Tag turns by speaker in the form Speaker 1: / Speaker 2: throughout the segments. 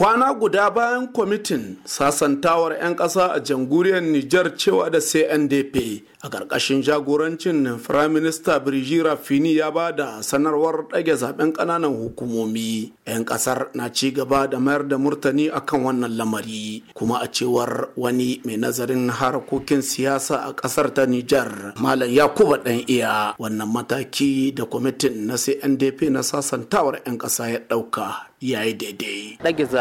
Speaker 1: kwana guda bayan kwamitin sasantawar 'yan ƙasa a jamhuriyar Nijar cewa da CNDP a ƙarƙashin jagorancin firaminista Birji Rafini ya ba da sanarwar ɗage zaben ƙananan hukumomi. 'Yan ƙasar na ci gaba da mayar da murtani akan wannan lamari kuma a cewar wani mai nazarin harkokin siyasa a ƙasar ta Nijar Malam Yakuba ɗan iya wannan mataki da kwamitin na CNDP na sasantawar 'yan ƙasa ya ɗauka yayi daidai.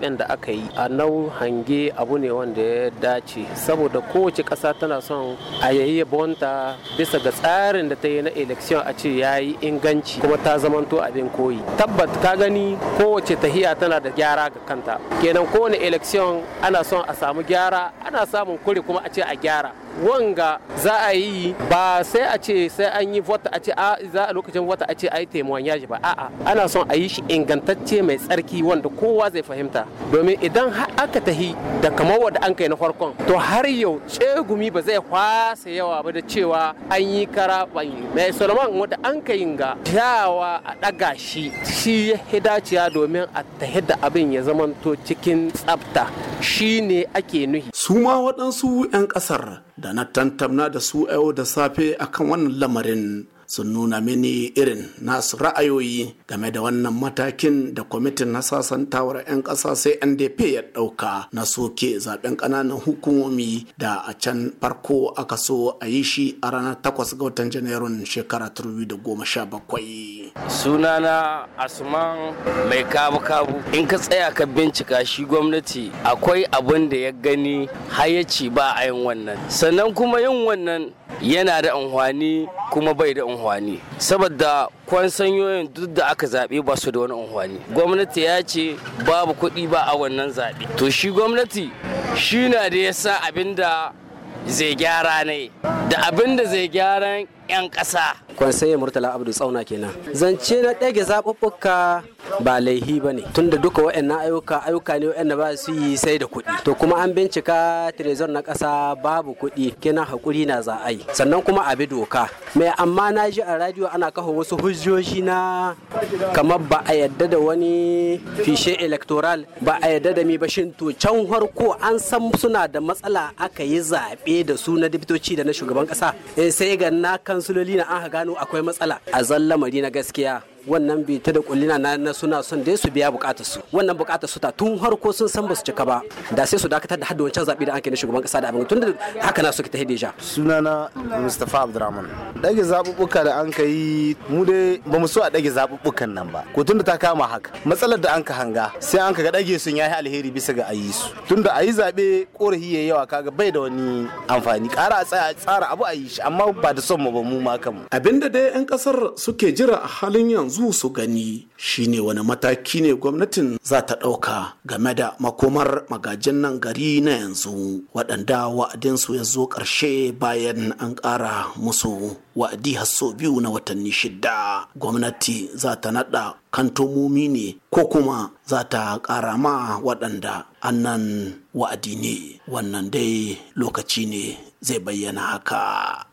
Speaker 2: zaben da aka yi a nau hange abu ne wanda ya dace saboda kowace ƙasa tana son a yayi bonta bisa ga tsarin da ta yi na election a ce ya yi inganci kuma ta zamanto abin koyi tabbat ka gani kowace tahiya tana da gyara ga kanta kenan kowane election ana son a samu gyara ana samun kuri kuma a ce a gyara wanga za a yi ba sai a ce sai an yi vota a ce a za a lokacin vota a ce a yi yaji ba a'a ana son a yi shi ingantacce mai tsarki wanda kowa zai fahimta domin idan aka tahi da kamar wanda an kai na farkon to har yau tsegumi ba zai kwasa yawa ba da cewa an yi kara yi mai solomon wanda an kai ga jawa a daga shi shi ya hidaciya domin a tahi da abin ya zamanto
Speaker 1: cikin tsafta shi ne ake nuhi su ma waɗansu 'yan ƙasar da na tantamna da su yau da safe akan wannan lamarin sun nuna mini irin nasu ra'ayoyi game da wannan matakin da kwamitin na sasantawar 'yan ƙasa sai ndp ya ɗauka na soke zaben ƙananan hukumomi da a can farko aka so a yi shi a ranar 8 ga watan janairun shekara 2017
Speaker 3: sunana asuman mai kabu-kabu in ka tsaya ka bincika shi gwamnati akwai abin da ya gani hayaci ya ba a yin wannan sannan kuma yin wannan yana da unhwani kuma bai da unhwani saboda kwan sanyoyin duk da aka zaɓe ba su da wani unhwani gwamnati ya ce babu kuɗi ba a wannan zaɓe to shi gwamnati shi na da ya sa abin da zai gyara ne da abin da zai gyara 'yan ƙasa
Speaker 4: ya murtala abdu tsauna kenan zance na ɗage zaɓuɓɓuka ba laihi ba ne tunda duka waɗannan ayyuka ayyuka ne waɗanda ba su yi sai da kuɗi to kuma an bincika trezor na ƙasa babu kuɗi kenan hakuri na za a yi sannan kuma abi doka mai amma na ji a radio ana kafa wasu hujjoji na kamar ba a yadda da wani fishe electoral ba a yadda da mi ba shin to can farko an san suna da matsala aka yi zaɓe da su na dibitoci da na shugaban ƙasa eh, sai ga na kansuloli na an gano akwai matsala a zallamari na gaskiya wannan bi ta da kullina na suna son dai su biya bukatar su wannan bukatar su ta tun harko sun san ba su cika ba da sai su dakatar da hadda wancan zabe da ake na shugaban kasa da abin tun da haka na su ta
Speaker 1: Suna na Mustafa Abdurrahman dage zabubbuka da an kai mu dai ba mu so a dage zabubbukan nan ba ko tunda ta kama haka matsalar da an ka hanga sai an ka ga dage sun yayi alheri bisa ga ayi su tunda ayi zabe korahi yayi yawa kaga bai da wani amfani kara a tsaya tsara abu ayi shi amma ba da son mu ba mu ma kanmu abinda dai yan kasar suke jira a halin yanzu yanzu su gani shine wani mataki ne gwamnatin za ta ɗauka game da makomar magajin nan gari na yanzu waɗanda wa'adinsu ya zo ƙarshe bayan an ƙara musu wa'adi hasso biyu na watanni shidda gwamnati za ta naɗa kantomomi ne ko kuma za ta ƙara ma waɗanda annan wa'adi ne wannan dai lokaci ne zai bayyana haka